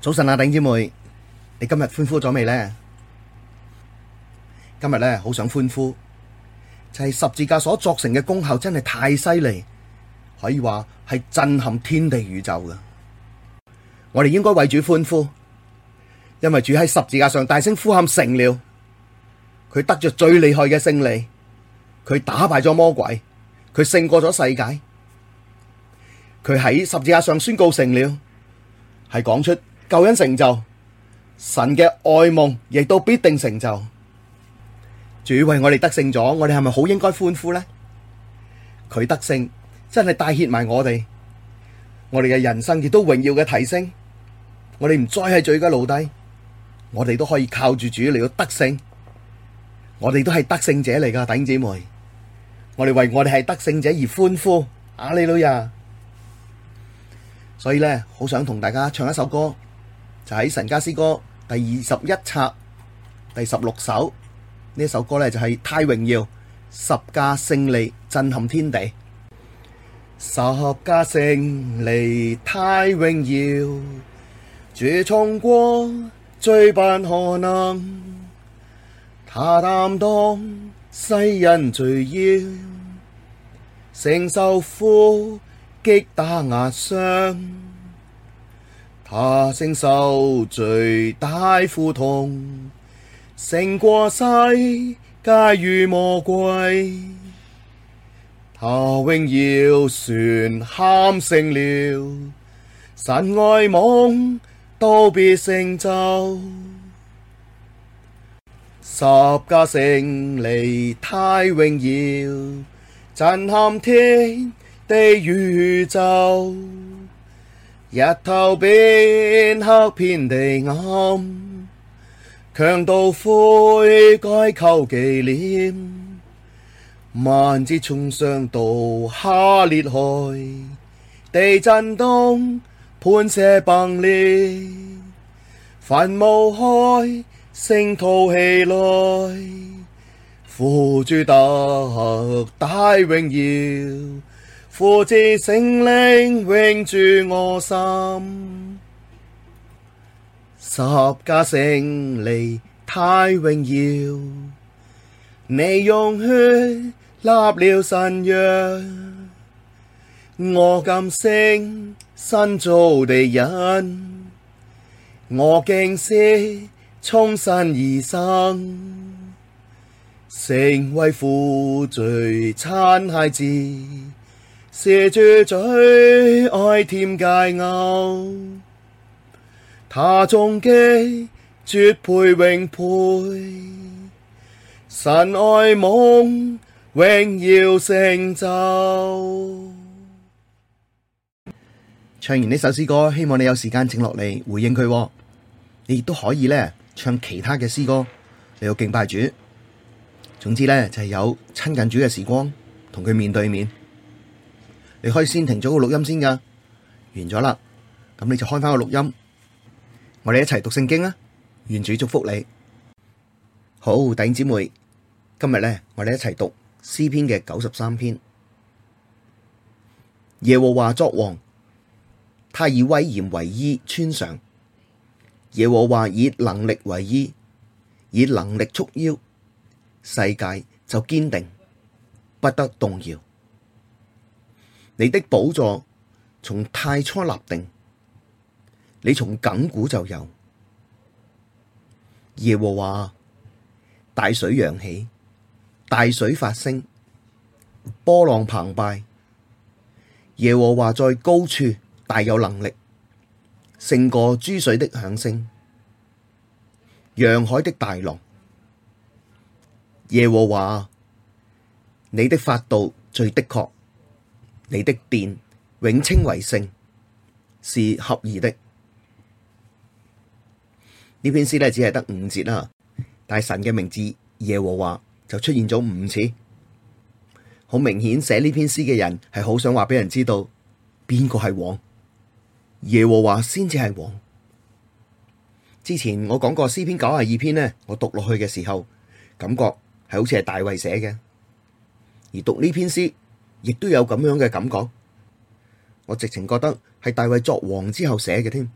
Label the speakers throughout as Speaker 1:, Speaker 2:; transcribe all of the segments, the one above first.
Speaker 1: 早晨啊，頂姐妹，你今日歡呼咗未呢？今日咧，好想歡呼，就係十字架所作成嘅功效真係太犀利，可以話係震撼天地宇宙㗎。我哋應該為主歡呼，因為主喺十字架上大聲呼喊成了，佢得着最厲害嘅勝利，佢打敗咗魔鬼，佢勝過咗世界，佢喺十字架上宣告成了，係講出。救恩成就，神嘅愛夢亦都必定成就。主為我哋得勝咗，我哋係咪好應該歡呼呢？佢得勝，真係帶挈埋我哋，我哋嘅人生亦都榮耀嘅提升。我哋唔再係罪嘅奴隸，我哋都可以靠住主嚟到得勝。我哋都係得勝者嚟㗎，弟兄姐妹，我哋為我哋係得勝者而歡呼。阿利路亞啊，所以呢，好想同大家唱一首歌。就喺神家詩歌第二十一冊第十六首呢首歌呢、就是，就係太榮耀十架勝利震撼天地，十架勝利太榮耀，主衝過最不可能，他擔當世人罪孽承受父擊打壓傷。祂承受最大苦痛，勝過世界與魔鬼。他榮耀宣喊成了，神愛夢都必成就。十架勝利太榮耀，震撼天地宇宙。日頭變黑，遍地暗，強盜悔改，求記念，幔子從上到下裂開，地震動，磐石崩裂，墳墓開，聖徒起來，父、主得大榮耀。父子聖靈永住我心，十架勝利太榮耀，你用血立了新約，我今成新造的人，我竟是從神而生，成為父最親孩子。係主最愛甜佳偶，祂終極絕配、永配，神愛夢榮耀成就。唱完呢首詩歌，希望你有時間靜落嚟回應佢。你亦都可以咧唱其他嘅詩歌，你要敬拜主。總之咧就係、是、有親近主嘅時光，同佢面對面。你可以先停咗個錄音先噶完咗啦，咁你就開翻個錄音，我哋一齊讀聖經啊！願主祝福你。好，弟兄姊妹，今日咧，我哋一齊讀詩篇嘅九十三篇。耶和華作王，他以威嚴為衣穿上；耶和華以能力為衣，以能力束腰，世界就堅定，不得動搖。你的寶座從太初立定，你從亙古就有。耶和華大水揚起，大水發聲，波浪澎湃。耶和華在高處大有能力，勝過諸水的響聲，洋海的大浪。耶和華，你的法度最的確。你的殿永稱為聖，是合宜的。呢篇詩咧只係得五節啦，但係神嘅名字耶和華就出現咗五次，好明顯寫呢篇詩嘅人係好想話俾人知道邊個係王，耶和華先至係王。之前我講過詩篇九十二篇呢，我讀落去嘅時候感覺係好似係大衛寫嘅，而讀呢篇詩。亦都有咁樣嘅感覺，我直情覺得係大衛作王之後寫嘅添，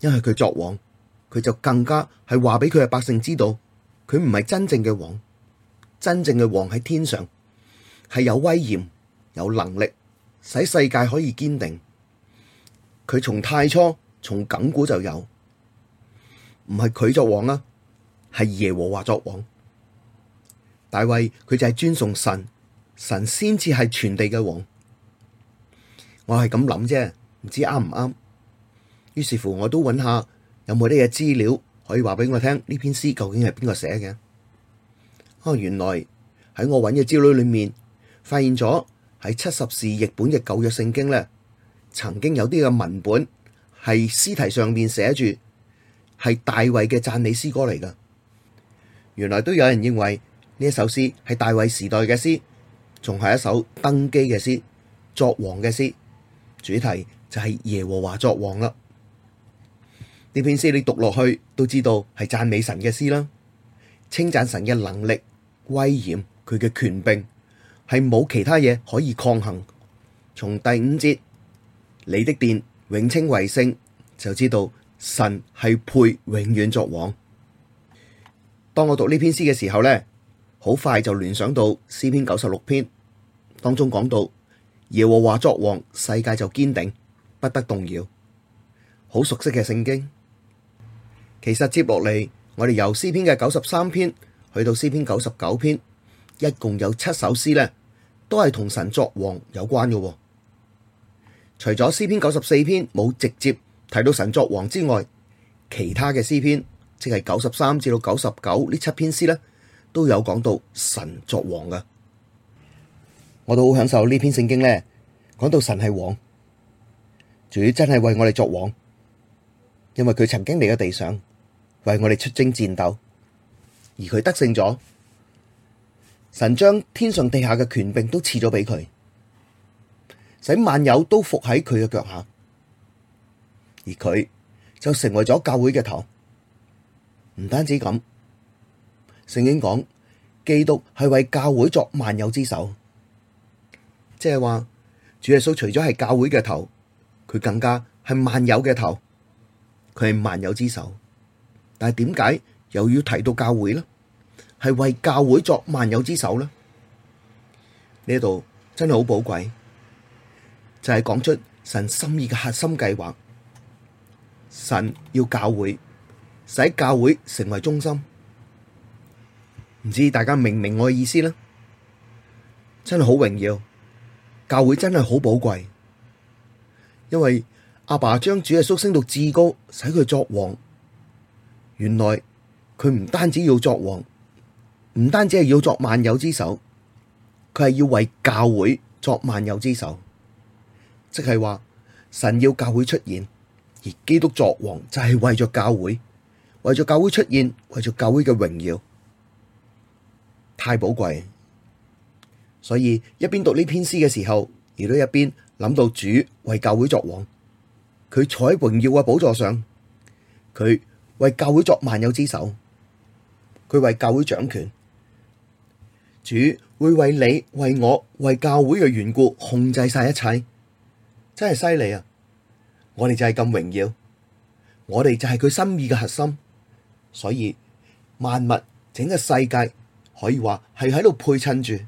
Speaker 1: 因為佢作王，佢就更加係話俾佢嘅百姓知道，佢唔係真正嘅王，真正嘅王喺天上，係有威嚴、有能力，使世界可以堅定。佢從太初、從亙古就有，唔係佢作王啊，係耶和華作王。大衛佢就係尊崇神。神先至係全地嘅王，我係咁諗啫，唔知啱唔啱。於是乎，我都搵下有冇啲嘢資料可以話俾我聽呢篇詩究竟係邊個寫嘅？哦，原來喺我搵嘅資料裏面發現咗喺七十士譯本嘅舊約聖經咧，曾經有啲嘅文本係詩題上面寫住係大衛嘅讚美詩歌嚟噶。原來都有人認為呢一首詩係大衛時代嘅詩。仲係一首登基嘅詩，作王嘅詩，主題就係耶和華作王啦。呢篇詩你讀落去都知道係讚美神嘅詩啦，稱讚神嘅能力、威嚴、佢嘅權柄，係冇其他嘢可以抗衡。從第五節，你的殿永稱為聖，就知道神係配永遠作王。當我讀呢篇詩嘅時候咧。好快就聯想到詩篇九十六篇當中講到耶和華作王，世界就堅定，不得動搖。好熟悉嘅聖經。其實接落嚟，我哋由詩篇嘅九十三篇去到詩篇九十九篇，一共有七首詩呢，都係同神作王有關嘅。除咗詩篇九十四篇冇直接提到神作王之外，其他嘅詩篇，即係九十三至到九十九呢七篇詩呢。都有講到神作王㗎，我都好享受呢篇聖經咧，講到神係王，主要真係為我哋作王，因為佢曾經嚟咗地上，為我哋出征戰鬥，而佢得勝咗，神將天上地下嘅權柄都賜咗俾佢，使萬有都伏喺佢嘅腳下，而佢就成為咗教會嘅頭，唔單止咁。聖經講，基督係為教會作萬有之首，即係話主耶穌除咗係教會嘅頭，佢更加係萬有嘅頭，佢係萬有之首。但係點解又要提到教會呢？係為教會作萬有之首呢？呢度真係好寶貴，就係講出神心意嘅核心計劃。神要教會，使教會成為中心。唔知大家明唔明我嘅意思咧？真係好榮耀，教會真係好寶貴。因為阿爸將主耶穌升到至高，使佢作王。原來佢唔單止要作王，唔單止係要作萬有之首，佢係要為教會作萬有之首。即係話神要教會出現，而基督作王就係為咗教會，為咗教會出現，為咗教會嘅榮耀。太寶貴，所以一邊讀呢篇詩嘅時候，亦都一邊諗到主為教會作王，佢坐喺榮耀嘅寶座上，佢為教會作萬有之首，佢為教會掌權，主會為你、為我、為教會嘅緣故控制晒一切，真係犀利啊！我哋就係咁榮耀，我哋就係佢心意嘅核心，所以萬物整個世界。可以話係喺度配襯住、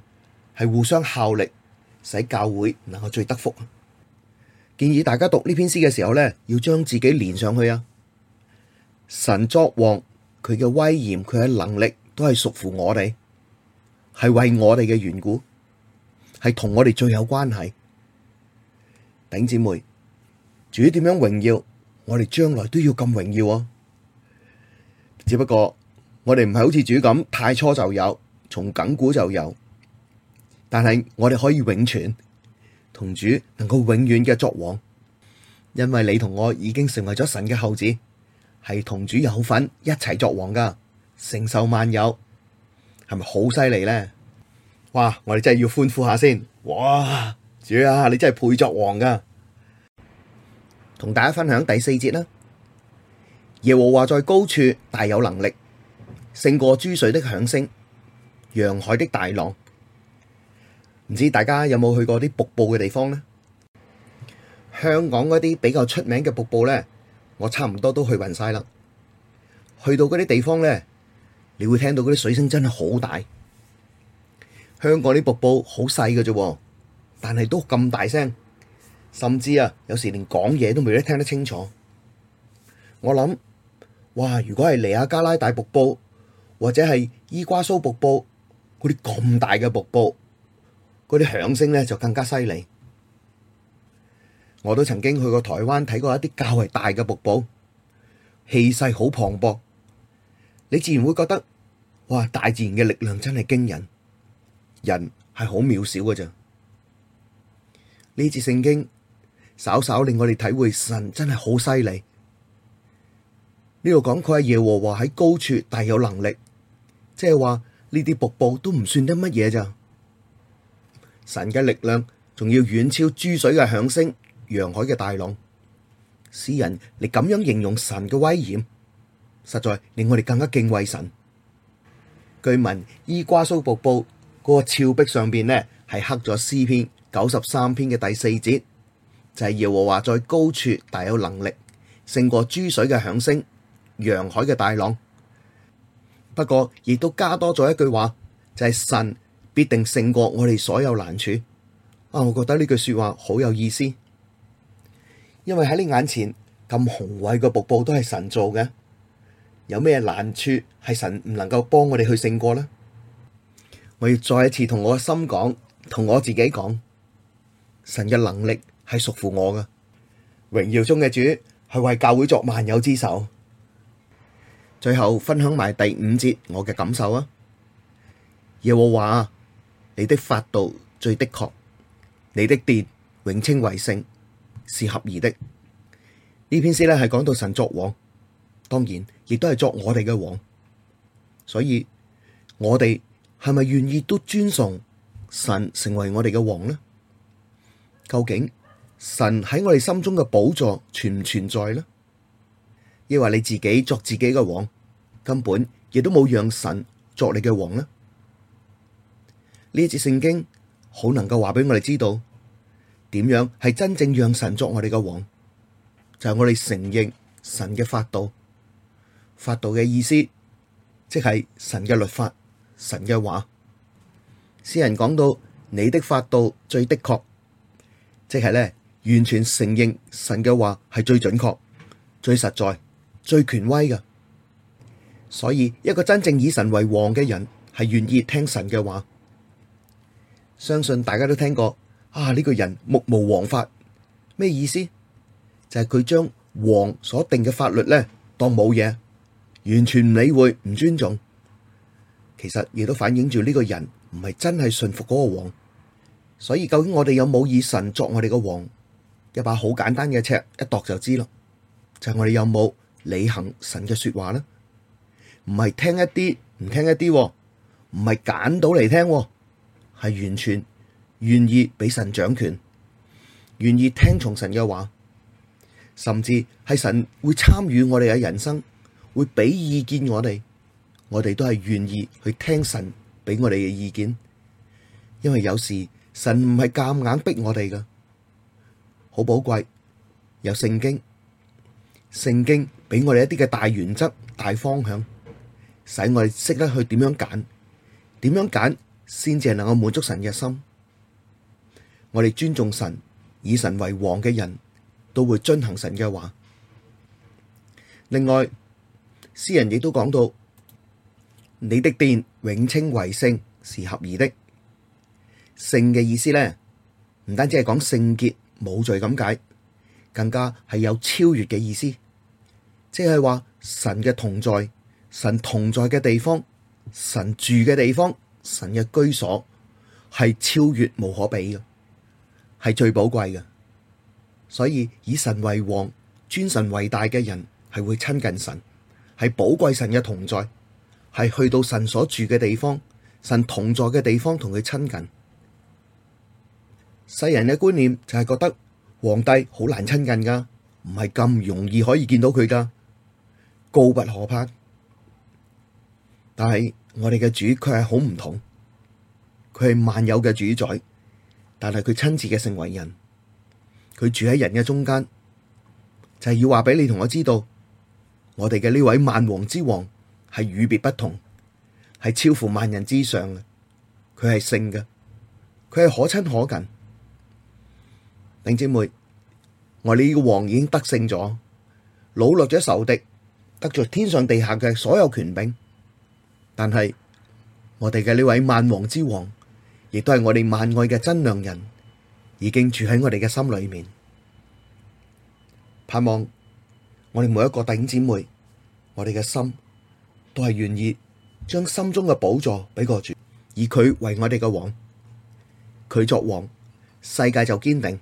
Speaker 1: 係互相效力，使教會能夠最得福。建議大家讀呢篇詩嘅時候呢，要將自己連上去啊！神作王，佢嘅威嚴，佢嘅能力，都係屬乎我哋，係為我哋嘅緣故，係同我哋最有關係。頂姐妹，主點樣榮耀，我哋將來都要咁榮耀啊！只不過我哋唔係好似主咁太初就有。從亙古就有，但係我哋可以永存，同主能夠永遠嘅作王，因為你同我已經成為咗神嘅後子，係同主有份一齊作王噶，承受萬有，係咪好犀利咧？哇！我哋真係要歡呼下先，哇！主啊，你真係配作王噶，同大家分享第四節啦。耶和華在高處大有能力，勝過諸水的響聲。洋海的大浪，唔知大家有冇去過啲瀑布嘅地方呢？香港嗰啲比較出名嘅瀑布呢，我差唔多都去勻晒啦。去到嗰啲地方呢，你會聽到嗰啲水聲真係好大。香港啲瀑布好細嘅啫，但係都咁大聲，甚至啊，有時連講嘢都未必聽得清楚。我諗，哇！如果係尼亞加拉大瀑布或者係伊瓜蘇瀑布，嗰啲咁大嘅瀑布，嗰啲響聲咧就更加犀利。我都曾經去過台灣睇過一啲較為大嘅瀑布，氣勢好磅礴，你自然會覺得，哇！大自然嘅力量真係驚人，人係好渺小嘅啫。呢次聖經稍稍令我哋體會神真係好犀利。呢度講佢係耶和華喺高處，大有能力，即係話。呢啲瀑布都唔算得乜嘢咋，神嘅力量仲要遠超諸水嘅響聲、洋海嘅大浪。詩人你咁樣形容神嘅威嚴，實在令我哋更加敬畏神。據聞伊瓜蘇瀑布嗰個峭壁上邊呢，係刻咗詩篇九十三篇嘅第四節，就係、是、耶和華在高處大有能力，勝過諸水嘅響聲、洋海嘅大浪。不過亦都加多咗一句話，就係神必定勝過我哋所有難處。啊，我覺得呢句說話好有意思，因為喺你眼前咁宏偉嘅瀑布都係神做嘅，有咩難處係神唔能夠幫我哋去勝過呢？我要再一次同我嘅心講，同我自己講，神嘅能力係屬乎我嘅，榮耀中嘅主係為教會作萬有之首。最後分享埋第五節我嘅感受啊！耶和華啊，你的法度最的確，你的殿永稱為聖，是合宜的。呢篇詩咧係講到神作王，當然亦都係作我哋嘅王。所以我哋係咪願意都尊崇神成為我哋嘅王呢？究竟神喺我哋心中嘅寶座存唔存在呢？亦話你自己作自己嘅王，根本亦都冇讓神作你嘅王啦。呢節聖經好能夠話俾我哋知道點樣係真正讓神作我哋嘅王，就係、是、我哋承認神嘅法度，法度嘅意思即係神嘅律法，神嘅話。詩人講到你的法度最的確，即係咧完全承認神嘅話係最準確、最實在。最權威嘅，所以一個真正以神為王嘅人係願意聽神嘅話。相信大家都聽過啊，呢、這個人目無王法，咩意思？就係、是、佢將王所定嘅法律呢，當冇嘢，完全唔理會、唔尊重。其實亦都反映住呢個人唔係真係信服嗰個王。所以究竟我哋有冇以神作我哋嘅王？一把好簡單嘅尺一度就知囉，就係、是、我哋有冇。履行神嘅說話啦，唔係聽一啲，唔聽一啲喎，唔係揀到嚟聽喎，係完全願意俾神掌權，願意聽從神嘅話，甚至係神會參與我哋嘅人生，會俾意見我哋，我哋都係願意去聽神俾我哋嘅意見，因為有時神唔係夾硬逼我哋噶，好寶貴，有聖經，聖經。俾我哋一啲嘅大原則、大方向，使我哋識得去點樣揀，點樣揀先至係能夠滿足神嘅心。我哋尊重神、以神為王嘅人都會遵行神嘅話。另外，詩人亦都講到，你的殿永稱為聖，是合宜的。聖嘅意思咧，唔單止係講聖潔、無罪咁解，更加係有超越嘅意思。即係話神嘅同在，神同在嘅地方，神住嘅地方，神嘅居所係超越無可比嘅，係最寶貴嘅。所以以神為王、尊神為大嘅人係會親近神，係寶貴神嘅同在，係去到神所住嘅地方、神同在嘅地方同佢親近。世人嘅觀念就係覺得皇帝好難親近㗎，唔係咁容易可以見到佢㗎。高不可攀，但係我哋嘅主卻係好唔同，佢係萬有嘅主宰，但係佢親自嘅成為人，佢住喺人嘅中間，就係、是、要話俾你同我知道，我哋嘅呢位萬王之王係與別不同，係超乎萬人之上嘅，佢係聖嘅，佢係可親可近。弟兄姊妹，我哋呢個王已經得勝咗，擄掠咗仇敵。得着天上地下嘅所有權柄但，但係我哋嘅呢位萬王之王，亦都係我哋萬愛嘅真良人，已經住喺我哋嘅心裏面。盼望我哋每一個弟兄姊妹，我哋嘅心都係願意將心中嘅寶座俾個主，以佢為我哋嘅王，佢作王，世界就堅定；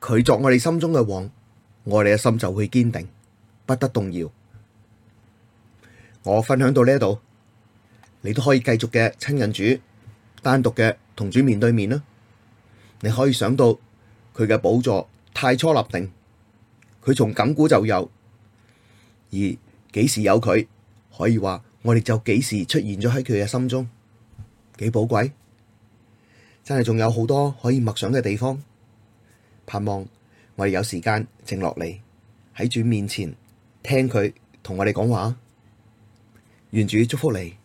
Speaker 1: 佢作我哋心中嘅王，我哋嘅心就會堅定，不得動搖。我分享到呢度，你都可以繼續嘅親近主，單獨嘅同主面對面啦。你可以想到佢嘅寶座太初立定，佢從亙古就有，而幾時有佢，可以話我哋就幾時出現咗喺佢嘅心中，幾寶貴。真係仲有好多可以默想嘅地方，盼望我哋有時間靜落嚟喺主面前聽佢同我哋講話。願主祝福你。